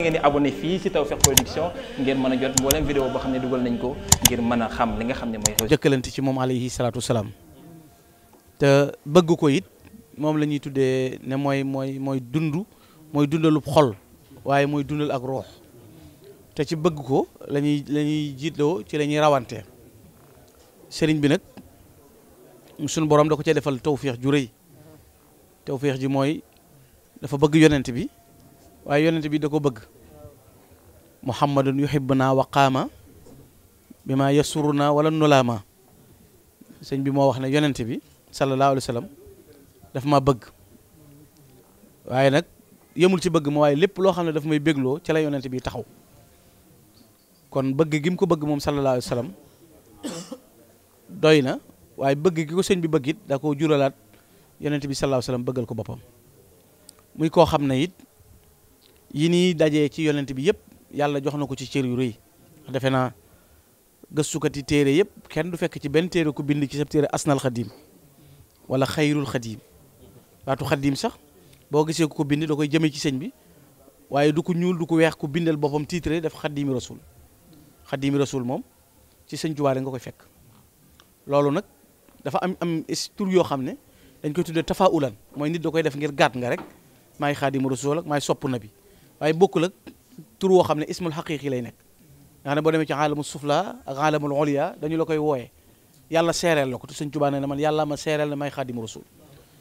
ngeen di abonné fii ci Tawfekh Production ngeen mën a jot mboolem vidéo boo xam ne dugal nañ ko ngir mën a xam li nga xam ne mooy jëkkalante ci moom alayhi salaatu salaam te bëgg ko it moom lañuy tuddee ne mooy mooy mooy dund mooy dundalub xol waaye mooy dundal ak roox te ci bëgg ko la ñuy la ñuy jiitloo ci lañuy ñuy rawante sëriñ bi nag suñu borom da ko cee defal tawféex ju rëy tawféex ji mooy dafa bëgg yonent bi waaye yonent bi da ko bëgg muhammadun yuhibbuna wa qaama bi ma yasuruna wala nulaama sëñ bi moo wax ne yonent bi sallallahu alayhi wa daf ma bëgg waaye nag yemul ci bëgg ma waaye lépp loo xam ne daf may bégloo ci la yonent bi taxaw kon bëgg gi ko bëgg moom sallallahu alayhi wa doy na waaye bëgg gi ko bi bëgg it daa juralaat yonent bi sallallahu alayhi bëggal ko boppam muy koo xam ne it yi nii daje ci yonent bi yëpp yàlla jox na ko ci cër yu rëy defe naa gëstukati téere yëpp kenn du fekk ci benn téere ku bind ci sa téere asnal xadim wala xayrul xadim baatu xadim sax boo gisee ko bind da koy jëmee ci sëñ bi waaye du ko ñuul du ko weex ku bindal boppam titre def xadimi rasul xadimi rasul moom ci sëñ Tuubaa nga koy fekk loolu nag dafa am am tur yoo xam ne dañ koy tuddee tafaulan mooy nit da koy def ngir gàtt nga rek maay xaadimu rasul ak maay sopp na bi waaye bokkul ak tur woo xam ne ismul xaqiqi lay nekk nga xam ne boo demee ci xaalamu sufla ak xaalamul oliya dañu la koy wooyee yàlla seereel la ko te sëñ Tuubaa na man yàlla ma seereel na may xaadimu rasul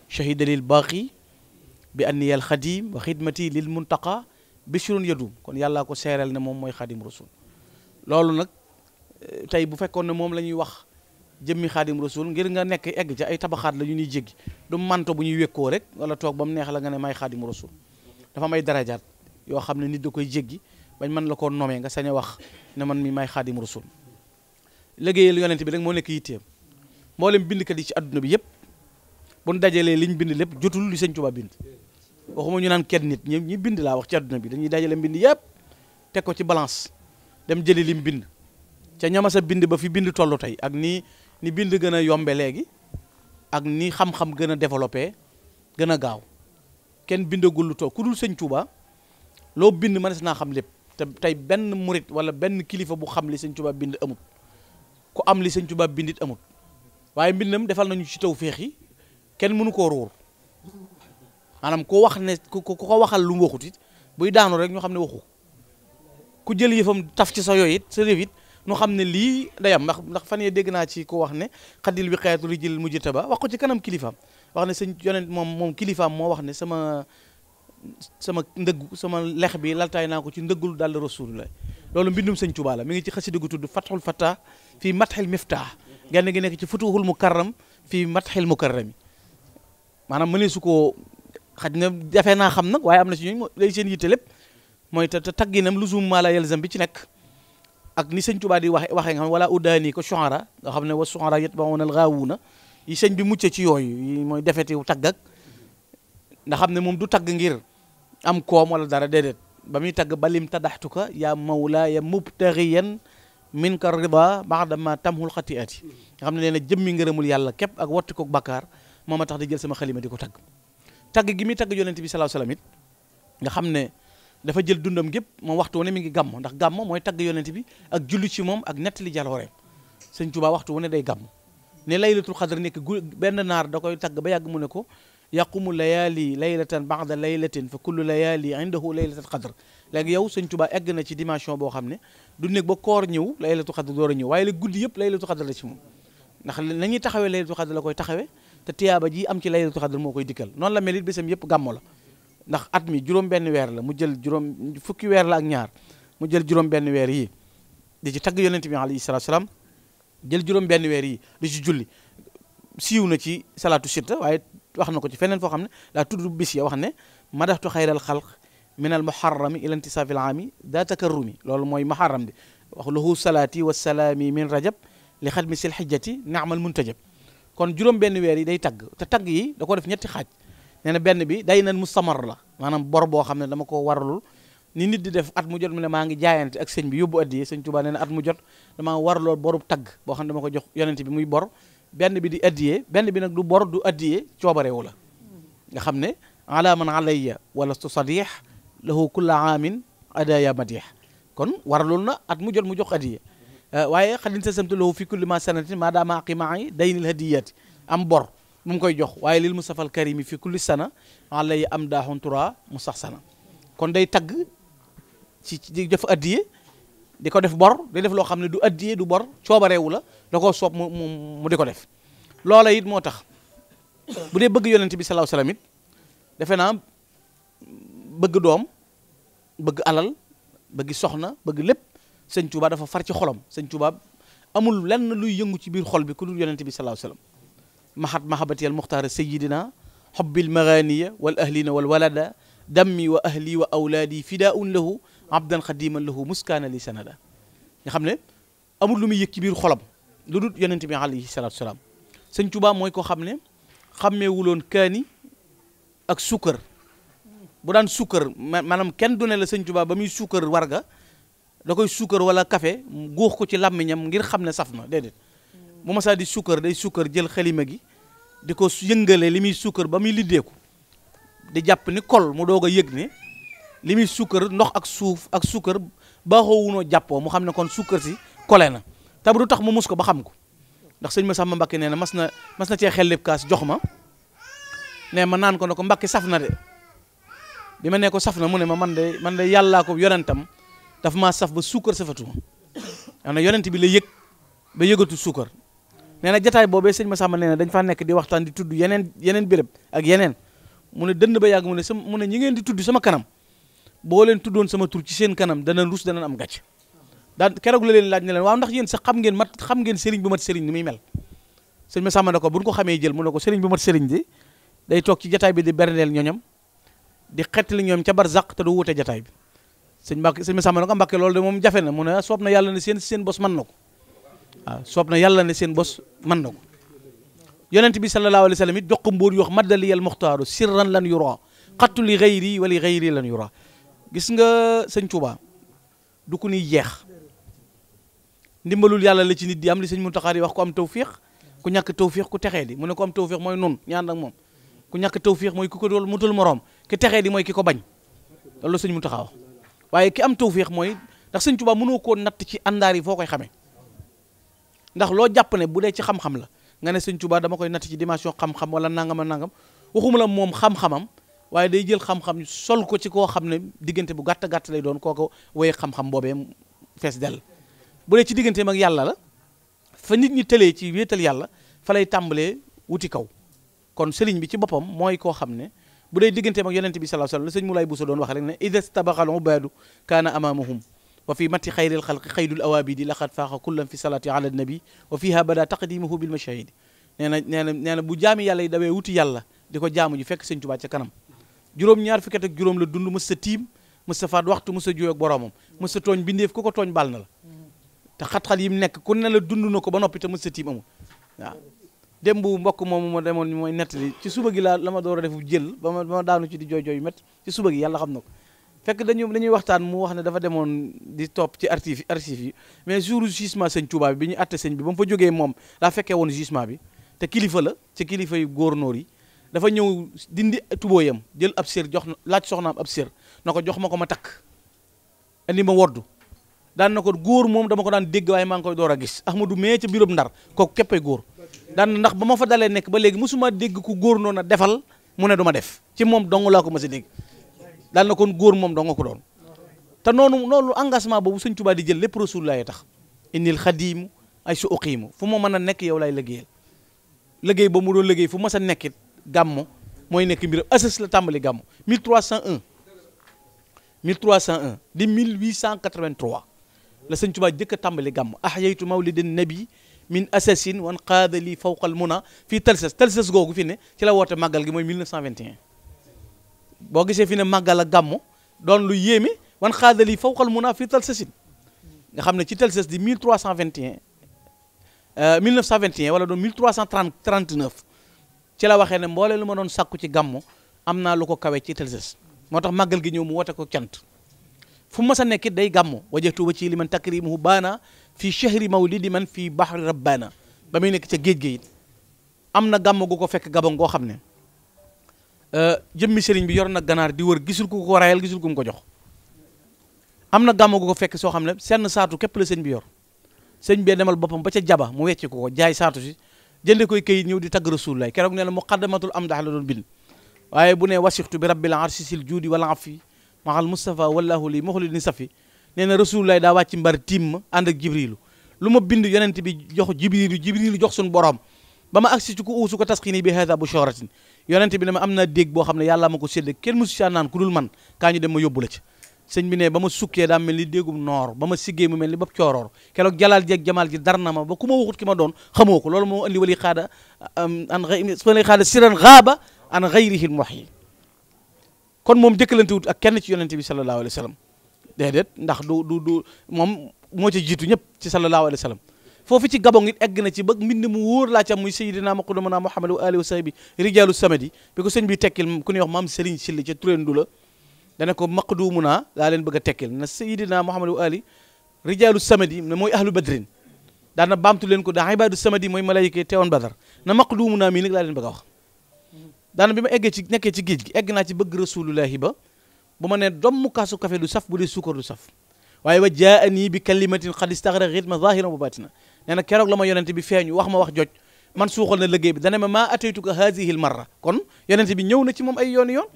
shahida lil baaqi bi anniya al xadim wa xidmati lil muntaqa bishrun yadum kon yàllaa ko seereel ne moom mooy xaadim rasul loolu nag eh, tey bu fekkoon ne moom la ñuy wax jëmmi xaadim rasul ngir nga nekk egg ca ay tabaxaat la ñu ñuy jéggi du manto bu ñuy wekkoo rek wala toog ba mu neex la nga ne may xaadim rasul dafa may darajaat yoo xam ne nit da koy jéggi bañ man la koo nomee nga sañ a wax ne man mi may xaadim rasul liggéeyal yonent bi rek moo nekk yitteem mboolem bindkat yi ci àdduna bi yëpp bu ñu dajalee liñ bind lépp jotul li sëñ Tuubaa bind waxuma ñu naan kenn nit ñi ñi bind laa wax ci adduna bi dañuy dajale mbind yëpp teg ko ci balance dem jëli lim bind ca ñama sa bind ba fi bind tollu tey ak ni ni bind gën a yombe léegi ak ni xam-xam gën a développé gën a gaaw kenn bindagul ku dul sëñ Tuubaa loo bind mënees naa xam lépp te tey benn murit wala benn kilifa bu xam li sëñ Tuubaa bind amut ku am li sëñ Tuubaa bindit amut waaye mbindam defal nañu ci taw féex yi kenn mënu ko ruur maanaam ku wax ne ku ko waxal lu mu waxut buy daanu rek ñu xam ne waxu ku jël yëfam taf ci sa yooyu it sa réew it xam ne lii day am ndax ndax fan yee dégg naa ci ko wax ne xadil bi xayatul rijil mujtaba wax ko ci kanam kilifaam wax ne sëñ yonent moom moom kilifaam moo wax ne sama sama ndëgg sama lex bi laltaay naa ko ci ndëggul dal rasulullah loolu mbindum sëñ Tuubaa la mi ngi ci xasida gu tudd Fathul Fattah fii Mathil Miftah genn gi nekk ci Futuhul Mukarram fii Mathil Mukarrami maanaam mënee su koo xaj na jafe naa xam nag waaye am na ci ñooñu lay seen yitte lépp mooy te te tagginam luzum maa la bi ci nekk ak ni sëñ Tuubaa di waxe waxee nga wala udaani ko shu'ara nga xam ne wa shu'ara yatba'una al-ghaawuna yi sañ bi mucce ci yooyu yi mooy defetiw tagg ak nga xam ne moom du tagg ngir am koom wala dara déedéet ba muy tagg ba balim tadaxtuka yaa mawlaaya mubtaxiyan min ka rida baxdama tamhul xatiati nga xam ne nee na jëmmi ngërëmul yàlla képp ak wattu ko bakkaar moo a tax di jël sama xalima di ko tagg tagg gi muy tagg yonent bi sallallahu alayhi wasallam nga xam ne dafa jël dundam gépp moom waxtu ne mi ngi gàmm ndax gàmm mooy tagg yonent bi ak julli ci moom ak nettali jalooreem sëñ Tuubaa waxtu wu ne day gàmm ne laylatul xadr nekk benn naar da koy tagg ba yàgg mu ne ko yaqumu layaali laylatan bada laylatin fa kullu layaali indahu laylatul qadr léegi yow sëñ Tuubaa egg na ci dimension boo xam ne du nekk ba koor ñëw laylatul qadr door waaye la guddi yëpp laylatul qadr la ci moom ndax nañuy taxawee laylatul qadr la koy taxawe te tiyaaba ji am ci laylatul qadr moo koy dikkal noonu la mel it bésam yëpp gàmmo la ndax at mi juróom benn weer la mu jël juróom fukki weer la ak ñaar mu jël juróom benn weer yi di ci tagg yonent bi alayhi salaatu salaam jël juróom benn weer yi di ci julli siiw na ci salaatu sitta waaye wax na ko ci feneen foo xam ne daa tudd bis ya wax ne madaxtu xayral xalq min al muharrami ila intisaafi al aami daa takarrumi loolu mooy muharram bi wax lahu salaati wa salaami min rajab li xadmi sil xijjati naamal muntajab kon juróom benn weer yi day tagg te tagg yi da ko def ñetti xaaj nee na benn bi day nan mustamar la maanaam bor boo xam ne dama ko waralul ni nit di def at mu jot mu ne maa ngi jaayante ak sëñ bi yóbbu addiye sëñ Tuubaa nee na at mu jot damaa waralool borub tagg boo xam ne dama ko jox yonent bi muy bor benn bi di addiyee benn bi nag du bor du addiyee coobarewu la nga xam ne ala man alayya wala su sadix lahu kulla aamin adaya madix kon war lool na at mu jot mu jox addiye eh, waaye xadin sa samtu lahu fi kulli ma sanatin maa daama aqimaay daynil hadiyati am bor mu ngi koy jox waaye li lil mustafa al karimi fi kulli sana alayya am daaxun tura mu sax sana kon day tagg ci def addiye di ko def bor di def loo xam ne du addiyee du bor coobareewu la da koo soob mu mu di ko def loola it moo tax bu dee bëgg yonent bi salaahu salaam it defe naa bëgg doom bëgg alal bëgg soxna bëgg lépp sëñ Tuubaa dafa far ci xolom sëñ Tuubaa amul lenn luy yëngu ci biir xol bi ku dul yonent bi salaahu salaam mahat mahabati al muxtaar sayidina xobbil maganiya wal ahlina wal walada dammi wa ahli wa awlaadi fidaun lahu ma abdan xadiman lahu muskaana li sanada nga xam ne amul lu muy yëg ci biir xolam lu dul yonente bi alayhi salaatu salaam sëñ mooy ko xam ne xàmmeewuloon kaani ak suukar bu daan suukar ma maanaam kenn du ne la sëñ Tuubaa ba muy sukkar warga da koy suukar wala café góox ko ci làmmiñam ngir xam ne saf na déedéet bu masaa di sukkar day suukar jël xalima gi di ko yëngale li muy suukar ba muy liddeeku di jàpp ni kol mu doog a yëg ne li muy sukkar ndox ak suuf ak sukkar baaxoo wunoo jàppoo mu xam ne kon sukkar si kole na te du tax mu mus ko ba xam ko ndax sëñ Massamba Mbakke nee na mas na mas na cee xel lépp kaas jox ma ne ma naan ko ne ko Mbakke saf na de bi ma ne ko saf na mu ne ma man de man de yàllaa ko yonentam daf maa saf ba suukar safatuma xam ne yonent bi la yëg ba yëgatu suukar nee na jataay boobee sëñ Massamba nee na dañ fa nekk di waxtaan di tudd yeneen yeneen béréb ak yeneen mu ne dënd ba yàgg mu sama mu ne ñi ngeen di tudd sama kanam boo leen tuddoon sama tur ci seen kanam danañ rus danañ am gàcc daan keroog la leen laaj ne leen waaw ndax yéen sax xam ngeen mat xam ngeen sëriñ bu mat sëriñ ni muy mel sëñ ma sàmm ne ko bu ñu ko xamee jël mu ne ko sëriñ bu mat sëriñ di day toog ci jataay bi di berndeel ñoñam di xettali ñoom ca barzaq te du wute jataay bi sëñ Mbàkke sëñ ma sàmm ne ko loolu de moom jafe na mu ne ah, soob na yàlla ne seen seen bos mën na ko waaw ah, soob na yàlla ne seen bos man na ko yonent bi sallallahu alayhi wa sallam it jox ko mbóor yoo wax maddali yal muxtaaru sirran lan yura xattu li xayri wa li xayri lan yura gis nga sëñ Touba du ku ni jeex ndimbalul yàlla la ci nit di am li sëñ Muntaxa yi wax ko am tawfiix ku ñàkk tawfiix ku texee di mu ne ku am tawfiix mooy nun ñaan ak moom ku ñàkk tawfiix mooy ku ko dool mutul moroom ki texee di mooy ki ko bañ loolu la sëñ Muntaxa waaye ki am tawfiix mooy ndax sëñ Touba mënoo natt ci àndaar yi foo koy xamee ndax loo jàpp ne bu dee ci xam-xam la nga ne sëñ Touba dama koy natt ci dimension xam-xam wala nangam a nangam waxuma la moom xam-xamam waaye day jël xam-xam sol ko ci koo xam ne diggante bu gàtt gàtt lay doon kooko woye xam-xam boobee fees dell bu dee ci digganteem mag yàlla la fa nit ñi tëlee ci wéetal yàlla fa lay tàmbalee wuti kaw kon sëriñ bi ci boppam mooy koo xam ne bu dee digganteem ak yonente bi sa alayhi wasallam la sëñ Moulay Bousso doon wax rek ne idas tabaxal ubadu kaana amaamahum wa fi matti xayril xalqi xaydul awaabidi laqad faaxa kullan fi salaati ala nabi wa fiha bada taqdimuhu bil mashahidi nee na nee na nee na bu jaami yàlla yi dawee yàlla di ko jaamu ji fekk sëñ Tuubaa ca kanam juróom ñaar fukki at ak juróom la dund mës sa tiim mës sa faat waxtu mës sa juyoo ak boromam mës sa tooñ bindeef ku ko tooñ baal na la te xat-xat yi mu nekk ku ne la dund na ko ba noppi te mës sa tiim amul waaw dem bu mbokk moom moomu ma demoon mooy nettali ci suba gi laa la ma door a def jël ba ma ma daanu ci di jooy jooy métti ci suba gi yàlla xam na ko fekk dañu dañuy waxtaan mu wax ne dafa demoon di topp ci archive archive yi mais jour jugement sëñ Touba bi bi ñu atte sëñ bi ba mu fa moom daa fekkee woon jugement bi te kilifa la ci kilifa yu góornóor yi dafa ñëw dindi tubooyam jël ab sér jox laaj soxnaam ab sér na ko jox ma ko ma takk andi ma woddu daan na ko góor moom dama ko daan dégg waaye maa ngi koy door a gis ahmadu mee ca biirob ndar kooku képpay góor daan ndax ba ma fa dalee nekk ba léegi mosuma dégg ku góor noonu a defal mu ne du ma def ci moom dong laa ko ma si dégg na kon góor moom dong ko doon te noonu loolu engagement boobu sëñ Tuubaa di jël lépp rasulullaay tax innil xadiimu ay su uqiimu fu ma mën a nekk yow laay liggéeyal liggéey ba mu doon liggéey fu ma sa nekkit gàmmu mooy nekk mbiram asas la tàmbali gàmmu 1301 1301 di 1883 la sëñ Tuubaa jëkk a tàmbali gàmmu ahyaytu mawlidin nabi min asasin wan qaadali fawqal muna fii talsas talsas googu fi ne ci la woote màggal gi mooy 1921 boo gisee fi ne màggal ak gàmmu doon lu yéeme wan xaadali fawqal muna fii talsasin nga xam ne ci talsas di 1321 1921 euh, wala doon 1330 39 ci la waxee ne mboolee lu ma doon sàkku ci gàmmu am naa lu ko kawe ci tëlsës moo tax màggal gi ñëw mu woote ko cant fu mu mës a nekkit day gàmmu wajatu wa ci li man takrimuhu baana fi fii chahri di man fii bahri rabbaana ba muy nekk ca géej géej am na gàmm gu ko fekk gabon goo xam ne euh, jëmmi sëriñ bi yor na ganaar di wër gisul ku ko rayal gisul ko jox am na gàmm ko fekk soo xam ne senn saatu képp la sëñ bi yor sëñ bee demal boppam ba ca jaba mu wecc ko ko jaay saatu si jënde ko koy këyit ñëw di tag rasulullaay keroog nee na muqaddamatul am dax la doon bind waaye bu ne wasixtu bi rabbil arsi sil juudi wala afi maxal Moustapha wallahu li maxuli ni safi nee na rasulullaay daa wàcc mbar tiim ma ànd ak jibrilu lu ma bind yonent bi jox jibrilu jibrilu jox suñu borom ba ma agsi ci ku uusu ko tasqini bi haada bu shoratin yonent bi ne ma am naa boo xam ne yàlla ma ko sédd kenn mosu si naan ku dul man kaa ñu dem ma yóbbu la ci sëñ bi ne ba ma sukkee daa mel ni déggum noor ba ma siggee mu mel ni bab cooroor keroog jalaal jeeg jamaal ji dar na ma ba ku ma waxut ki ma doon xamoo ko loolu moo andi wali xaada an wali xaada siran xaaba an xayrihil muhyi kon moom jëkkalantewut ak kenn ci yonente bi sallallahu alayhi wa sallam déedéet ndax du du du moom moo ci jiitu ñëpp ci sallallahu alayhi wa sallam foofu ci gabon it egg na ci ba mbind mu woor laa ca muy sayidina maqdumana muhammad wa alihi wa sahbi bi ko sëñ bi tekkil Serigne Sylla ca Tureen du la dana ko maqdumuna laa leen bëgg a tekkil na sayidina muhammad wa ali rijaalu samadi ne mooy ahlu badrin daana baamtu leen ko daa ibaadu samadi mooy malayka teewoon badar na maqdumuna mii nag laa leen bëgg a wax bi ma eggee ci nekkee ci géej gi egg naa ci bëgg rasulullahi ba bu ma ne domm kaasu kafe du saf bu dee suukar du saf waaye wa jaani bi kalimatin qad istaghragat ma zahiran wa batina nee na keroog la ma yonente bi feeñu wax ma wax joj man suuxal na liggéey bi dana ma maa ataytuka haadihi l marra kon yonente bi ñëw na ci moom ay yooni yoon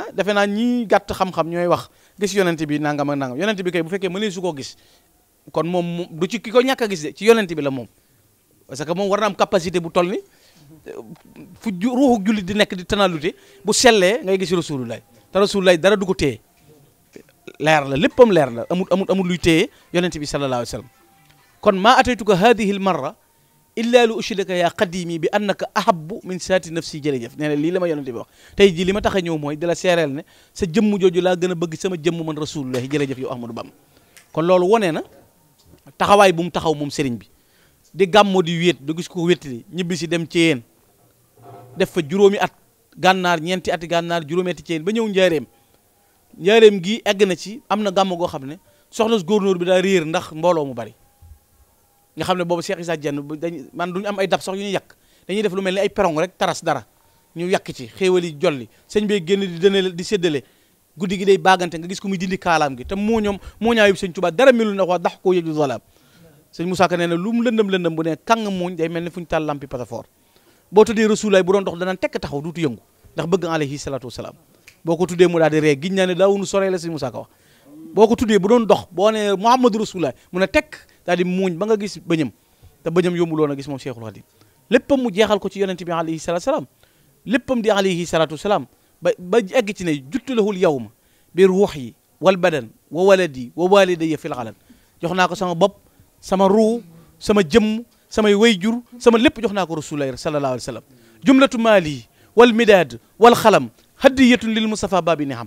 ah defe naa ñii gàtt xam-xam ñooy wax gis yonent bi nangam ak nangam yonent bi kay bu fekkee mënee koo gis kon moom du ci ki ko ñàkk a gis de ci yonent bi la moom parce que moom war na capacité bu toll ni fu ruuxu jullit di nekk di tanalute bu sellee ngay gis ta te lay dara du ko téye leer la léppam leer la amul amul amul luy téye yonent bi sallallahu alayhi wa kon maa ataytuka hadihi al marra illaa lu ushrika yaa mii bi annaka ahabbu min saati nafsi jërëjëf nee na lii la ma yonente bi wax tey jii li ma tax a ñëw mooy di la seereel ne sa jëmm jooju laa gën a bëgg sama jëmm man rasulullahi jërëjëf yow Ahmadou Bam kon loolu wonee na taxawaay bu mu taxaw moom seriñ bi di gàmmoo di wéet du gis ko wéttali ñibbi si dem ci yéen fa juróomi at gànnaar ñeenti ati gànnaar juróomi ati ba ñëw njaareem njaareem gi egg na ci am na gàmm goo xam ne soxna góornóor bi daa réer ndax mbooloo mu bari nga xam ne boobu Cheikh Issa Dieng dañ man duñu am ay dab sax yu ñuy yàq dañuy def lu mel ni ay perong rek taras dara ñu yàq ci xéewal yi jolli sëñ bee génn di dënale di séddale guddi gi day baagante nga gis ko muy dindi kaalaam gi ta moo ñoom moo ñaayu sëñ Tuubaa dara melul na wax dax koo yëg du zalaam sëñ Moussa Ka nee na lu mu lëndëm lëndëm bu nee kàng muuñ day mel ni fu ñu taal lampi passeport boo tuddee rasulaay bu doon dox danaan tekk taxaw duutu yëngu ndax bëgg alayhi salaatu wasalaam boo ko tuddee mu daal di ree giñ naa ne daawunu soree la sëñ Moussa Ka wax boo ko tuddee bu doon dox boo ne Muhammadu rasulaay mu ne tekk daal di muuñ ba nga gis bañam te bëñam yombuloon a gis moom Cheikhul Khadim léppam mu jeexal ko ci yonente bi alayhi salatu salaam léppam di alayhi salatu salaam ba ba egg ci ne juttulahul yawma bi ruux yi wal badan wa waladi wa walidayya fil alam jox naa ko sama bopp sama ruu sama jëmm samay wayjur sama lépp jox naa ko rasulullahi sallallahu alayhi wa sallam jumlatu maali wal midaad wal xalam hadiyatun lil mustafa babi niham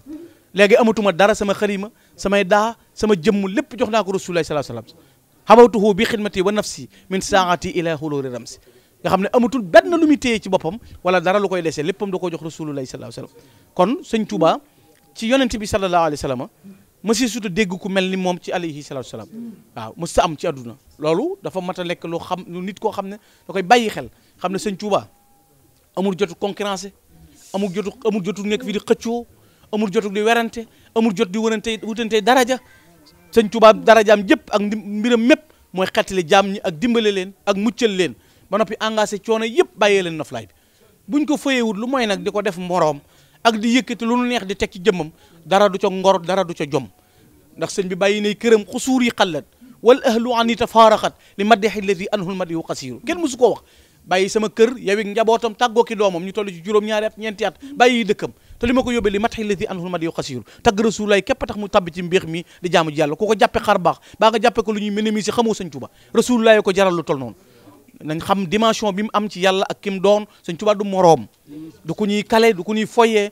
léegi amatuma dara sama xarima samay daa sama jëmm lépp jox naa ko rasulullahi sallallahu alayhi wa xabawtuhu bi xidmati wa nafsi min saati ila xulóori ramsi nga xam ne amatul benn lu muy téye ci boppam wala dara lu koy dese léppam da ko jox rasulullahi sallallahu alayhi wasallam kon sëñ Touba ci yonent bi sallallahu alayhi wasallam mësi suta dégg ku mel ni moom ci alayhi salatu salaam waaw mës sa am ci àdduna loolu dafa mat a lekk lu xam lu nit koo xam ne da koy bàyyi xel xam ne sëñ Touba amul jotu concurrence amul jotu amul jotu nekk fii di xëccoo amul jot di werante amul jot di wërante wutante daraja sëñ Tuubaa darajaam jëpp ak mbiram mépp mooy xettali jaam ñi ak dimbale leen ak muccel leen ba noppi engagé coono yëpp bàyyee leen noflaay bi buñ ko fayewut lu mooy nag di ko def moroom ak di yëkkati lu neex di tekki ci jëmmam dara du ca ngor dara du ca jom ndax sëñ bi bàyyi ne këram xusuur yi xallat wal ahlu an yi tafaaraxat li maddi xillati anhul madi yu xasiiru kenn mosu koo wax bàyyi sama kër yow it njabootam tàggoo ki doomam ñu toll ci juróom-ñaari at ñeenti at bàyyi dëkkam te li ma ko yóbbee li mataxi lati anhul madi yo tagg rasulullaay képp tax mu tàbbi ci mbéex mi di jaamu ji ko jàppe xar baax baa nga jàppe ko lu ñuy ménémise xamoo Sëñ Tuuba rasulullaay ko jaral lu toll noonu nañ xam dimension bi mu am ci yàlla ak kim doon Sëñ Tuuba du moroom du ku ñuy kale du ku ñuy foyee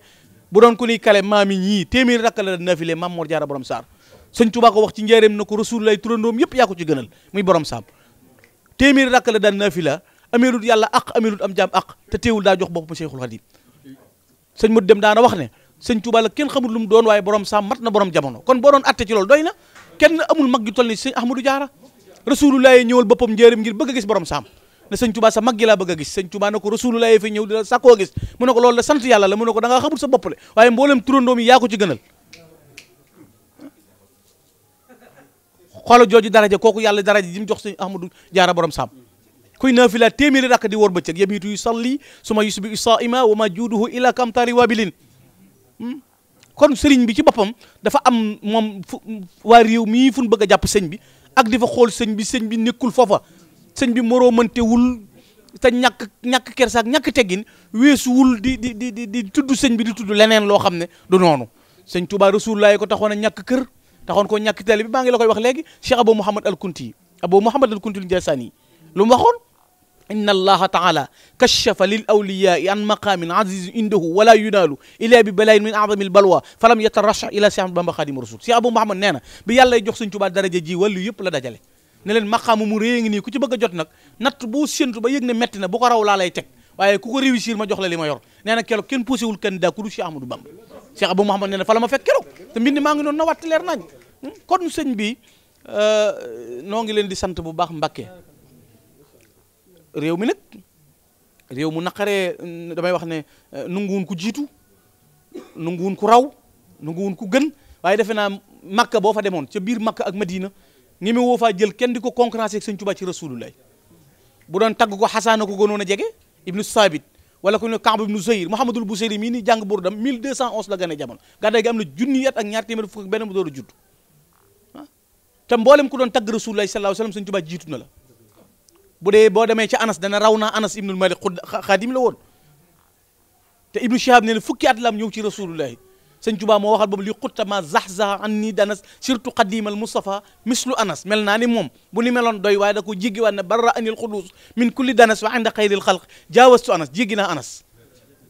bu doon ku ñuy kale maam yi ñii téeméeri rakka la nafile maam Mor Jaara borom saar Sëñ Tuuba ko wax ci njaareem na ko rasulullaay turandoom yëpp yaa ko ci gënal muy borom saam téeméeri rakka la ameelut yàlla ak ameelut am jaam ak te teewul daa jox boppam Cheikhul Khadim sëñ Modou Dem daana wax ne sëñ Touba la kenn xamul lu mu doon waaye borom saam mat na borom jamono kon boo doon atte ci loolu doy na kenn amul mag ju toll ni sëñ Ahmadou Diarra rasulullahi ñëwal boppam njëriñ ngir bëgg a borom saam ne sëñ Touba sa mag gi laa bëgg a gis sëñ Touba ne ko rasulullahi fi ñëw di la gis mu ne ko loolu la sant yàlla la mu ne ko da ngaa xamul sa bopp le waaye kuy naafila téeméeri rakk di woor bëccëg yabiitu yusalli suma yusbihu saa'ima wa ma illa ila kamtaari waabilin hmm? kon sëriñ bi ci boppam dafa am moom waa réew mii fu ñu bëgg a jàpp sëñ bi ak di fa xool sëñ bi sëñ bi nekkul foofa sëñ bi moroo mëntewul te ñàkk ñàkk kersa ak teggin weesuwul di di di di tuddu sëñ bi di tudd leneen loo xam ne du noonu sëñ Tuubaa Rasulullah yi ko taxoon a ñàkk kër taxoon ko ñàkk tali bi maa ngi la koy wax léegi Cheikh Abou Mouhamad al Kunti Abou Mouhamad al Kunti al Jasani lu mu inna allaha taala kachafa lil awliyai an maqaamin azizin indahu wala yunaalu illa bi balayin min azami l balwa falam yataracha ila si ahmad bamba xaadimu rasul si abou mahamad nee na bi yàlla jox suñ Tuubaa daraja ji wàllu yëpp la dajale ne leen maqaamu mu réy ngi nii ku ci bëgg a jot nag natt boo séntu ba yëg ne metti na bu ko raw laa lay teg waaye ku ko réussir ma jox la li ma yor nee na keroog kenn poussé wul candidat ku du Cheikh Ahmadou Bamba Cheikh Abou Mahamad nee na fa la ma fekk keroog te mbind maa ngi noonu na wàtt leer nañ hmm? kon sëñ bi euh, noo ngi leen di sant bu baax Mbakke réew mi nag réew mu naqaree mm, damay wax ne euh, nanguwun ku jiitu nanguwun ku raw nanguwun ku gën waaye defe naa makka boo fa demoon ca biir makka ak madina ñeme woo faa jël kenn di ko concurrencer ak sëñ Tuubaa ci bu doon tagg ko xasaana ko gënoon a jege ibnu saabit wala ku ne Kaab ibnu Zuhayr Muhammadul Busayri mii ni jàng Burdam 1211 la gën a jamono gàddaay gi am na junni at ak ñaar téeméer fukk ak benn mu door a judd ah. te mboolem ku doon tagg rasulullah sallallahu jiitu na la bu dee boo demee ca anas dana raw naa anas ibnul malik xaadim la woon te ibnu shihab nee na fukki at la am ñëw ci rasulullahi sëñ Tuubaa moo waxal boobu li xuttama zaxzax an nii danas surtout qadimal Mustafa mislu anas mel naa ni moom bu ni meloon doy waaye da ko jéggi waat ne barra anil xudus min kulli danas wa inda xayril xalq jaawastu anas jéggi naa anas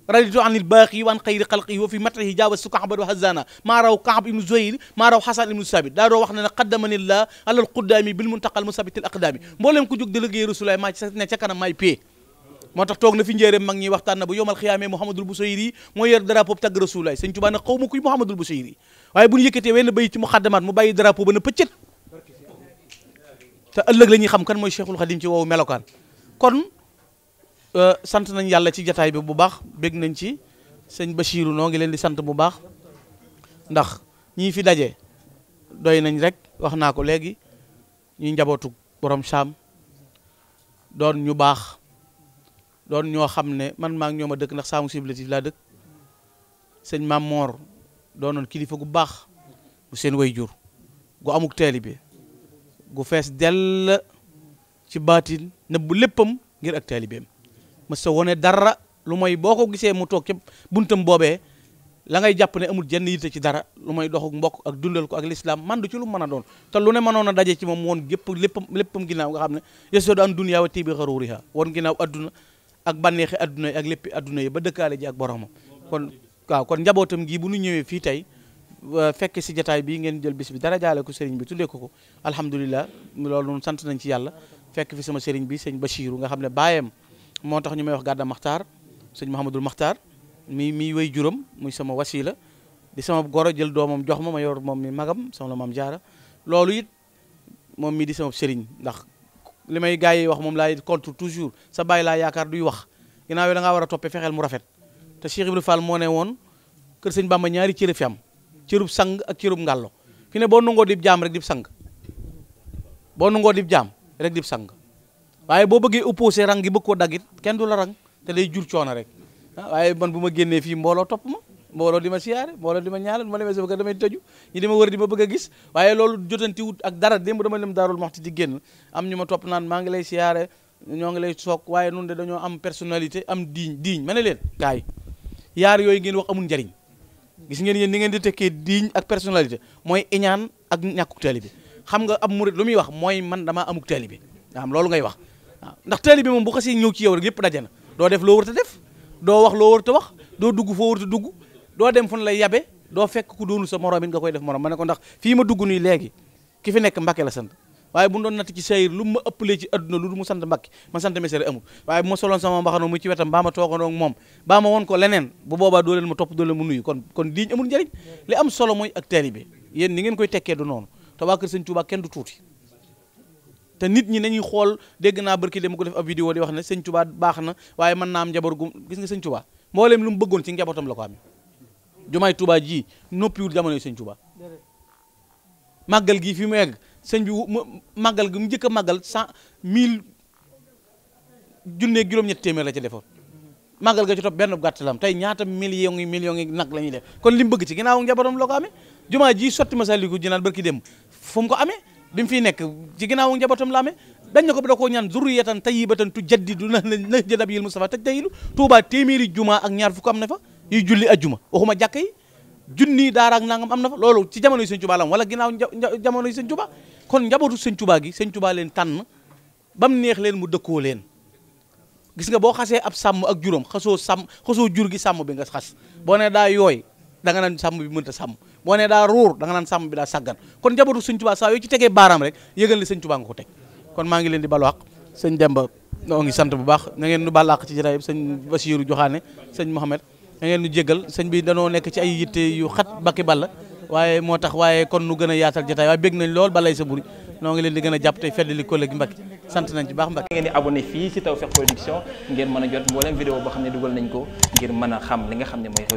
raditu an il baaqi wa an xayri xalqihi wa fi matahi jaawastu kaxban wa hazana maa raw kaxab ibnu zohir maa raw xasan ibnu sabit daa doo wax ne ne qaddamanillah alal quddaami bil muntaqal musabitil aqdaami mbooleem ku jóg di liggéey rasulaay maa ci ne ca kanam maay pee moo tax toog na fi njéeréem mag ñi waxtaan na ba yowmal xiyaamee muhammadul busayri mooy yor drapeau bi tàgg rasulaay sëñ Tuubaa na xaw ma kuy muhammadul busayri waaye bu ñu yëkkatee wenn bay ci mu xaddamaat mu bàyyi drapeau ba na pëccët te ëllëg la ñuy xam kan mooy cheikhul xadim ci woowu melokaan kon Euh, sant nañ yàlla ci jataay bi bu baax bég nañ ci sëñ Bachirou noo ngi leen di sant bu baax ndax ñi fi daje doy nañ rek wax naa ko léegi ñuy njabootu borom saam doon ñu baax doon ñoo xam ne man maa ngi ñoom a dëkk ndax saamu siblatif laa dëkk sëñ Maam Moor doonoon kilifa gu baax bu seen way jur gu amuk taalibe gu fees dell ci baatin nëbbu léppam ngir ak taalibeem ma sa wone dara lu mooy boo ko gisee mu toog ca buntam boobee la ngay jàpp ne amul jenn yitte ci dara lu mooy doxuk mbokk ak dundal ko ak lislaam man du ci lu mën a doon te lu ne mënoon a daje ci moom woon gépp nga xam ne yesodu an duniyaa wa tiibi xaruuriha woon ginnaaw adduna ak bànneexi yi ak léppi adduna yi ba dëkkaale ji ak boromam kon njabootam gii bu nu ñëwee fii tey fekk si jataay bii ngeen jël bis bi dara jaale ko sëriñ bi tuddee ko ko alhamdulilah loolu noonu sant nañ ci yàlla fekk bi sëñ Bachirou nga xam ne baayam moo tax ñu may wax gàdda maxtaar sëñ Mahamadul Maxtaar mi mi way juróom muy sama wasila di sama goro jël doomam jox ma ma yor moom mi magam sama la maam jaara loolu it moom mi di sama sëriñ ndax li may gars yi wax moom laay contre toujours sa bàyyi laa yaakaar duy wax ginnaaw da ngaa war a toppee fexeel mu rafet te Cheikh Ibrahima Fall moo ne woon kër sëñ ma ñaari cër fi am cërub sang ak cërub ngàllo fi ne boo nungoo dib jaam rek dib sang boo nungoo di jaam rek dib sang waaye boo bëggee opposé rang gi bëgg koo daggit kenn du la rang te lay jur coono rek ah, waaye man bu ma génnee fii mbooloo topp ma mbooloo di ma siyaare mbooloo di ma ñaanal ma demee sama kër damay tëju ñi ma wër ma bëgg gis waaye loolu jotantiwut ak dara démb dama lem daarul maxti di génn am ñu ma topp naan maa ngi lay ñoo ngi lay soog waaye nun de dañoo am personnalité am diiñ diiñ ma ne leen kaay yaar yooyu ngeen wax amul njariñ gis ngeen yéen ngeen di tekkee diiñ ak personnalité mooy iñaan ak ñàkkuk taalibe xam nga ab lu muy wax mooy man damaa amuk taalibe am loolu ngay wax waaw ndax taali bi moom bu xasee ñëw ci yow rek yëpp daje na doo def loo warta def doo wax loo warta wax doo dugg foo warta dugg doo dem fu la lay doo fekk ku doonul sa morom it koy def morom ma ne ko ndax fii ma dugg nii léegi ki fi nekk Mbàkke la sant waaye bu doon natt ci sayir lu ma ëppalee ci adduna lu mu sant Mbàkke ma sant mesere amul waaye bu ma soloon sama mbaxano mu ci wetam baa ma toogandoo moom baa ma woon ko leneen bu booba doo leen ma topp doo leen nuyu kon kon diiñ amul njëriñ li am solo mooy ak taalibe yéen ni koy tekkee du noonu te waa kër Sëñ Tuubaa kenn du tuuti te nit ñi nañuy xool dégg naa barki dem ko def ab vidéo di wax na sëñ Tuubaa baax na waaye mën naa am njaboot gis nga sëñ Tuubaa mbooleem lu mu bëggoon ci njabootam la ko jumaay Tuubaa ji noppiwul jamonoy sëñ Tuubaa màggal gi fi mu egg sëñ bi màggal gi mu njëkk a màggal cent mille junne juróom-ñetti téeméer la ci defoon màggal ga ci topp benn gàtt la ñaata millions yi millions yi nag la ñuy def kon li mu bëgg ci ginnaaw njabootam la ko amee jumaa ji sotti Masaalikul Jinaan barki dem fu mu ko amee bi mu fiy nekk ci ginnaawu njabootam la amee dañ na ko bi da koo ñaan zurriyatan tayyibatan tu jaddidu na jël abiyil Mustafa taj dayilu Touba téeméeri juma ak ñaar fukk am na fa yuy julli ajjuma ma jàkka yi junni daara ak nangam am na fa loolu ci jamono yi Sëñ Touba la am wala ginnaaw jamono yi Sëñ kon njabootu Sëñ gi Sëñ Touba leen tànn bam neex leen mu dëkkoo leen gis nga boo xasee ab sàmm ak juróom xasoo sàmm xasoo jur gi sàmm bi nga xas boo ne daa yooy da nga naan sàmm bi mënta sàmm boo ne daa ruur da nga naan sàmm bi daa sàggan kon njabootu sëñ Tuubaa saa yoo ci tegee baaraam rek yëgal ni sëñ Tuubaa nga ko teg kon maa ngi leen di balu àq sëñ Demba noo ngi sant bu baax na ngeen nu baal àq ci jataay bi sëñ Joxaane sëñ Mohamed na ngeen nu jéggal sëñ bi danoo nekk ci ay yitte yu xat bakki balla waaye moo tax waaye kon nu gën a yaatal jotaay waaye bég nañ lool balay sa buri noo ngi leen di gën a jàpp tey feddali collègue Mbacke sant nañ ci baax Mbacke ngeen di abonné fii mën a jot mboolem boo xam ne dugal nañ ko ngir mën xam li nga xam ne mooy